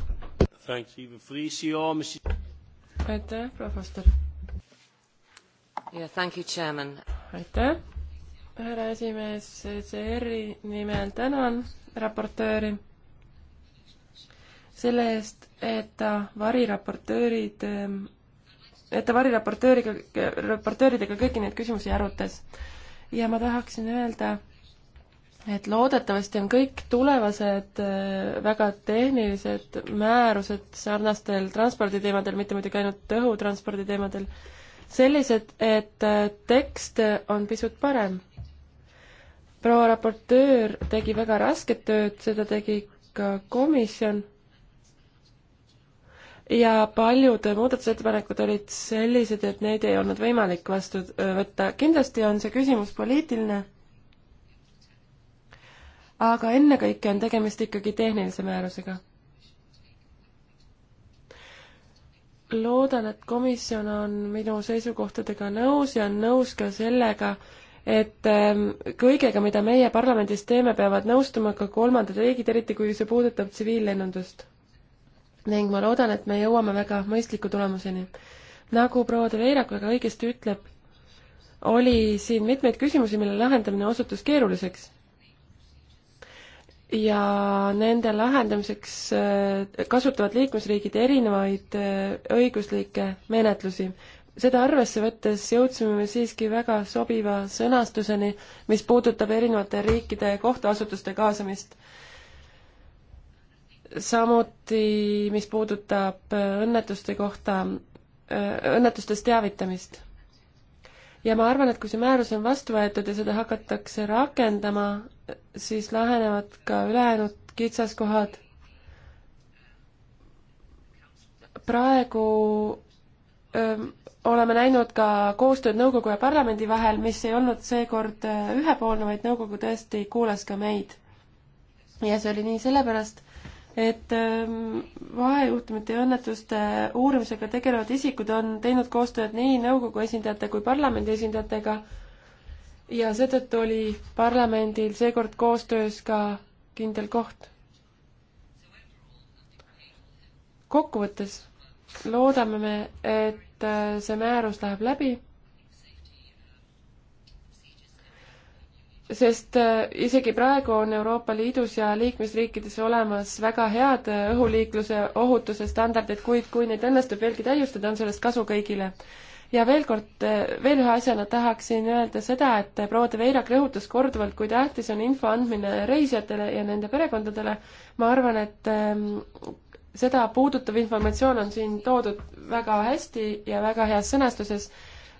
aitäh, professor! aitäh, härra esimees, ECR-i nimel tänan raportööri selle eest, et ta variraportöörid, et ta variraportööriga, raportööridega kõiki neid küsimusi arutas ja ma tahaksin öelda, et loodetavasti on kõik tulevased äh, väga tehnilised määrused sarnastel transporditeemadel, mitte muidugi ainult õhutranspordi teemadel, sellised, et äh, tekst on pisut parem. proua raportöör tegi väga rasket tööd, seda tegi ka komisjon ja paljud muudatusettepanekud olid sellised, et neid ei olnud võimalik vastu võtta. kindlasti on see küsimus poliitiline, aga ennekõike on tegemist ikkagi tehnilise määrusega. loodan, et komisjon on minu seisukohtadega nõus ja on nõus ka sellega, et ähm, kõigega, mida meie parlamendis teeme, peavad nõustuma ka kolmandad riigid, eriti kui see puudutab tsiviillennundust ning ma loodan, et me jõuame väga mõistliku tulemuseni. nagu proua De Veirak väga õigesti ütleb, oli siin mitmeid küsimusi, mille lahendamine osutus keeruliseks. ja nende lahendamiseks äh, kasutavad liikmesriigid erinevaid äh, õiguslikke menetlusi. seda arvesse võttes jõudsime me siiski väga sobiva sõnastuseni, mis puudutab erinevate riikide kohtuasutuste kaasamist samuti, mis puudutab õnnetuste kohta, äh, õnnetustest teavitamist. ja ma arvan, et kui see määrus on vastu võetud ja seda hakatakse rakendama, siis lahenevad ka ülejäänud kitsaskohad. praegu öö, ähm, oleme näinud ka koostööd nõukogu ja parlamendi vahel, mis ei olnud seekord äh, ühepoolne, vaid nõukogu tõesti kuulas ka meid. ja see oli nii sellepärast, et ähm, vahejuhtumite ja õnnetuste uurimisega tegelevad isikud on teinud koostööd nii nõukogu esindajate kui parlamendi esindajatega ja seetõttu oli parlamendil seekord koostöös ka kindel koht. kokkuvõttes loodame me, et äh, see määrus läheb läbi sest äh, isegi praegu on Euroopa Liidus ja liikmesriikides olemas väga head äh, õhuliikluse ohutuse standardid, kuid kui neid õnnestub veelgi täiustada, on sellest kasu kõigile. ja veel kord, äh, veel ühe asjana tahaksin öelda seda, et proua De Veirak rõhutas korduvalt, kui tähtis on info andmine reisijatele ja nende perekondadele. ma arvan, et ähm, seda puudutav informatsioon on siin toodud väga hästi ja väga heas sõnastuses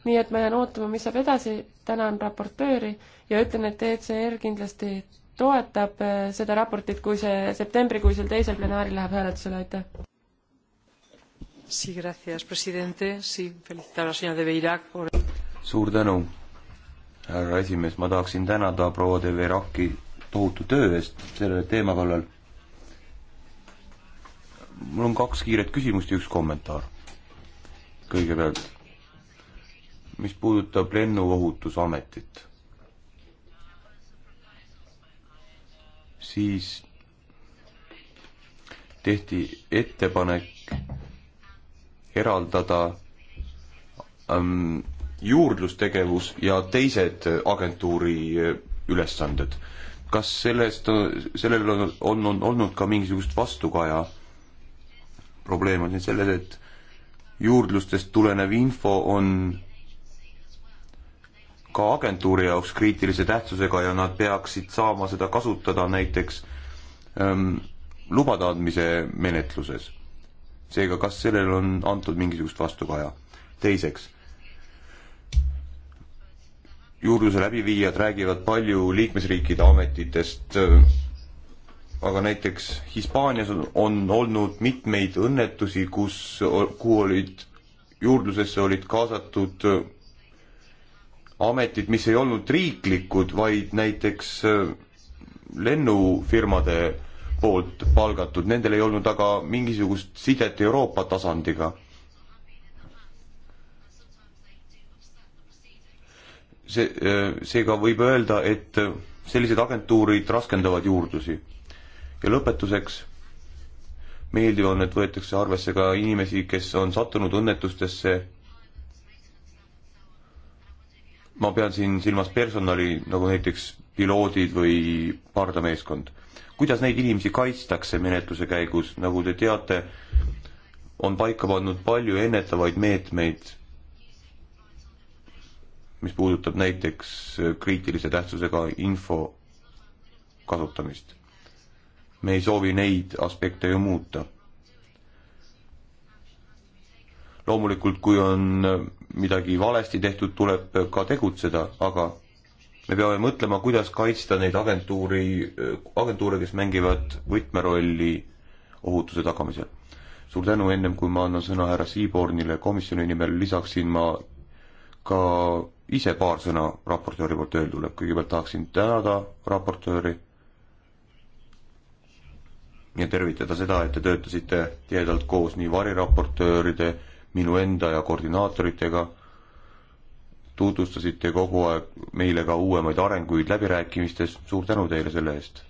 nii et ma jään ootama, mis saab edasi, tänan raportööri ja ütlen, et ECR kindlasti toetab äh, seda raportit, kui see septembrikuisel teisel plenaaril läheb hääletusele, aitäh! suur tänu, härra esimees, ma tahaksin tänada proua de Veraki tohutu töö eest selle teema kallal. mul on kaks kiiret küsimust ja üks kommentaar. kõigepealt mis puudutab Lennuohutusametit, siis tehti ettepanek eraldada ähm, juurdlustegevus ja teised agentuuri äh, ülesanded. kas sellest, sellel on, on, on olnud ka mingisugust vastukaja? probleem on siin selles, et juurdlustest tulenev info on ka agentuuri jaoks kriitilise tähtsusega ja nad peaksid saama seda kasutada näiteks ähm, lubade andmise menetluses. seega, kas sellel on antud mingisugust vastukaja? teiseks, juurdluse läbiviijad räägivad palju liikmesriikide ametitest äh,, aga näiteks Hispaanias on, on olnud mitmeid õnnetusi, kus, kuhu olid, juurdlusesse olid kaasatud äh, ametid, mis ei olnud riiklikud, vaid näiteks äh, lennufirmade poolt palgatud, nendel ei olnud aga mingisugust sidet Euroopa tasandiga. see, äh, seega võib öelda, et äh, sellised agentuurid raskendavad juurdlusi. ja lõpetuseks, meeldiv on, et võetakse arvesse ka inimesi, kes on sattunud õnnetustesse ma pean siin silmas personali, nagu näiteks piloodid või pardameeskond. kuidas neid inimesi kaitstakse menetluse käigus, nagu te teate, on paika pandud palju ennetavaid meetmeid, mis puudutab näiteks kriitilise tähtsusega info kasutamist. me ei soovi neid aspekte ju muuta loomulikult, kui on midagi valesti tehtud, tuleb ka tegutseda, aga me peame mõtlema, kuidas kaitsta neid agentuuri, agentuure, kes mängivad võtmerolli ohutuse tagamisel. suur tänu, ennem kui ma annan sõna härra Siibornile komisjoni nimel, lisaksin ma ka ise paar sõna raportööri poolt öeldule, kõigepealt tahaksin tänada raportööri ja tervitada seda, et te töötasite tihedalt koos nii variraportööride minu enda ja koordinaatoritega, tutvustasite kogu aeg meile ka uuemaid arenguid läbirääkimistes, suur tänu teile selle eest!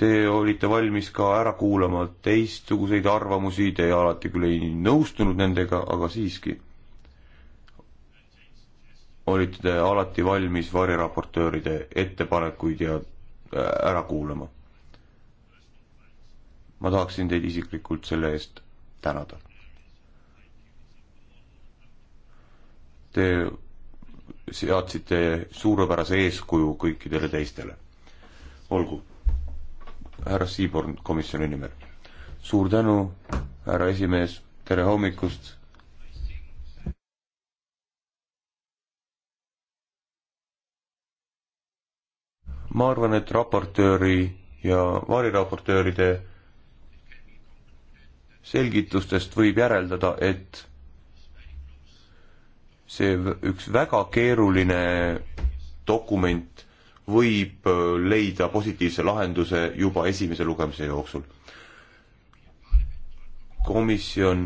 Te olite valmis ka ära kuulama teistsuguseid arvamusi, te alati küll ei nõustunud nendega, aga siiski olite te alati valmis variraportööride ettepanekuid ja äh, ära kuulama. ma tahaksin teid isiklikult selle eest tänada Te seadsite suurepärase eeskuju kõikidele teistele. olgu, härra Siiborn komisjoni nimel. suur tänu, härra esimees, tere hommikust. ma arvan, et raportööri ja variraportööride selgitustest võib järeldada, et see üks väga keeruline dokument võib äh, leida positiivse lahenduse juba esimese lugemise jooksul. komisjon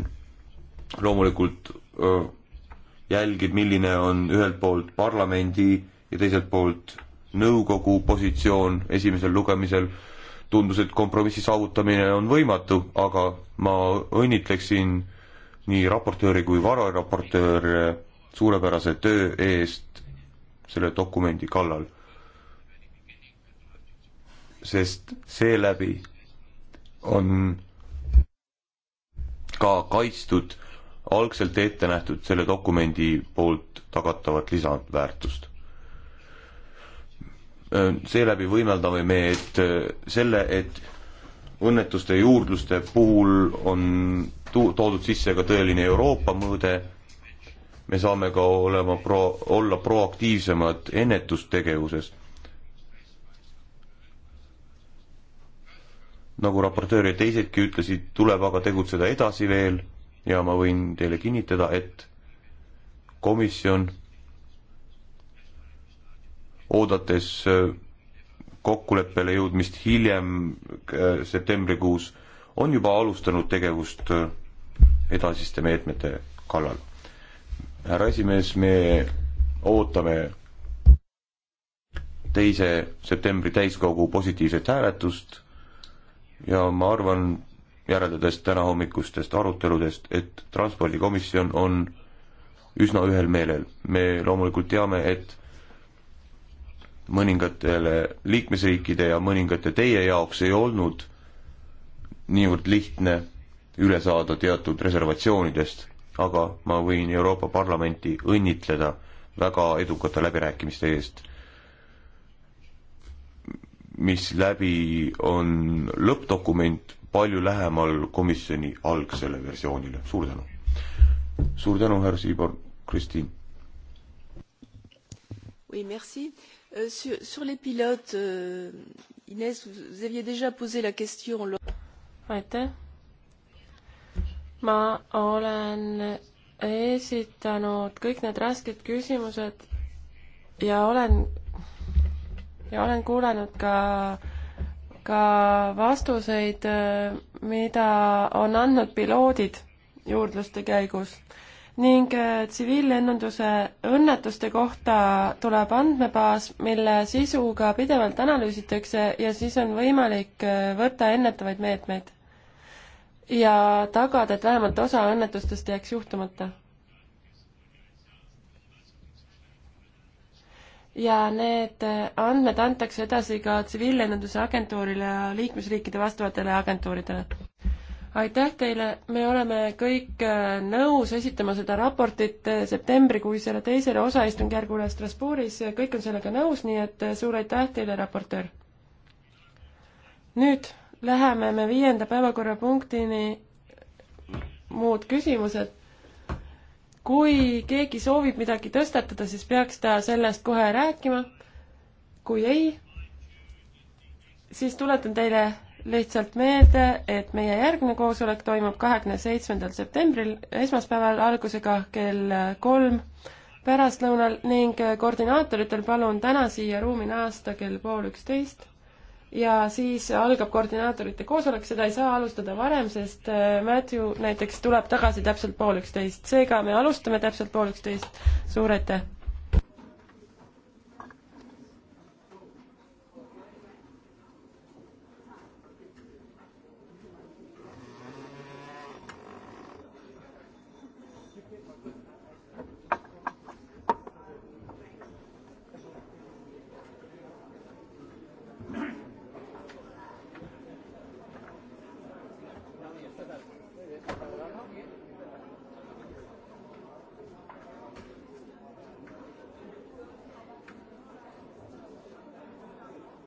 loomulikult öö, äh, jälgib, milline on ühelt poolt parlamendi ja teiselt poolt nõukogu positsioon esimesel lugemisel. tundus, et kompromissi saavutamine on võimatu, aga ma õnnitleksin nii raportööri kui vararaportööri suurepärase töö eest selle dokumendi kallal. sest seeläbi on ka kaitstud algselt ette nähtud selle dokumendi poolt tagatavat lisandväärtust. seeläbi võimeldame me, et selle, et õnnetuste ja juurdluste puhul on tu-, toodud sisse ka tõeline Euroopa mõõde me saame ka olema pro-, olla proaktiivsemad ennetustegevuses. nagu raportöör ja teisedki ütlesid, tuleb aga tegutseda edasi veel ja ma võin teile kinnitada, et komisjon, oodates äh, kokkuleppele jõudmist hiljem äh, septembrikuus, on juba alustanud tegevust äh, edasiste meetmete kallal härra esimees, me ootame teise septembri täiskogu positiivset hääletust ja ma arvan, järeldades tänahommikustest aruteludest, et transpordikomisjon on üsna ühel meelel. me loomulikult teame, et mõningatele liikmesriikide ja mõningate teie jaoks ei olnud niivõrd lihtne üle saada teatud reservatsioonidest aga ma võin Euroopa Parlamenti õnnitleda väga edukate läbirääkimiste eest, mis läbi on lõppdokument palju lähemal komisjoni algsele versioonile. suur tänu! suur tänu, härra Siibor, Kristiin! Oui, merci. Euh, sur, sur les pilotes, euh, Inès, vous, vous aviez déjà posé la question lors... Aitäh! ma olen esitanud kõik need rasked küsimused ja olen, ja olen kuulanud ka, ka vastuseid, mida on andnud piloodid juurdluste käigus. ning äh, tsiviillennunduse õnnetuste kohta tuleb andmebaas, mille sisu ka pidevalt analüüsitakse ja siis on võimalik äh, võtta ennetavaid meetmeid ja tagada, et vähemalt osa õnnetustest jääks juhtumata. ja need andmed antakse edasi ka tsiviillennunduse agentuurile ja liikmesriikide vastavatele agentuuridele. aitäh teile, me oleme kõik äh, nõus esitama seda raportit äh, septembrikuisele teisele osaistungjärgule Strasbourgis, kõik on sellega nõus, nii et äh, suur aitäh teile, raportöör! nüüd läheme me viienda päevakorrapunktini muud küsimused. kui keegi soovib midagi tõstatada, siis peaks ta sellest kohe rääkima. kui ei, siis tuletan teile lihtsalt meelde, et meie järgmine koosolek toimub kahekümne seitsmendal septembril, esmaspäeval algusega kell kolm pärastlõunal ning koordinaatoritel palun täna siia ruumi naasta kell pool üksteist ja siis algab koordinaatorite koosolek, seda ei saa alustada varem, sest äh, Matthew näiteks tuleb tagasi täpselt pool üksteist, seega me alustame täpselt pool üksteist, suur aitäh!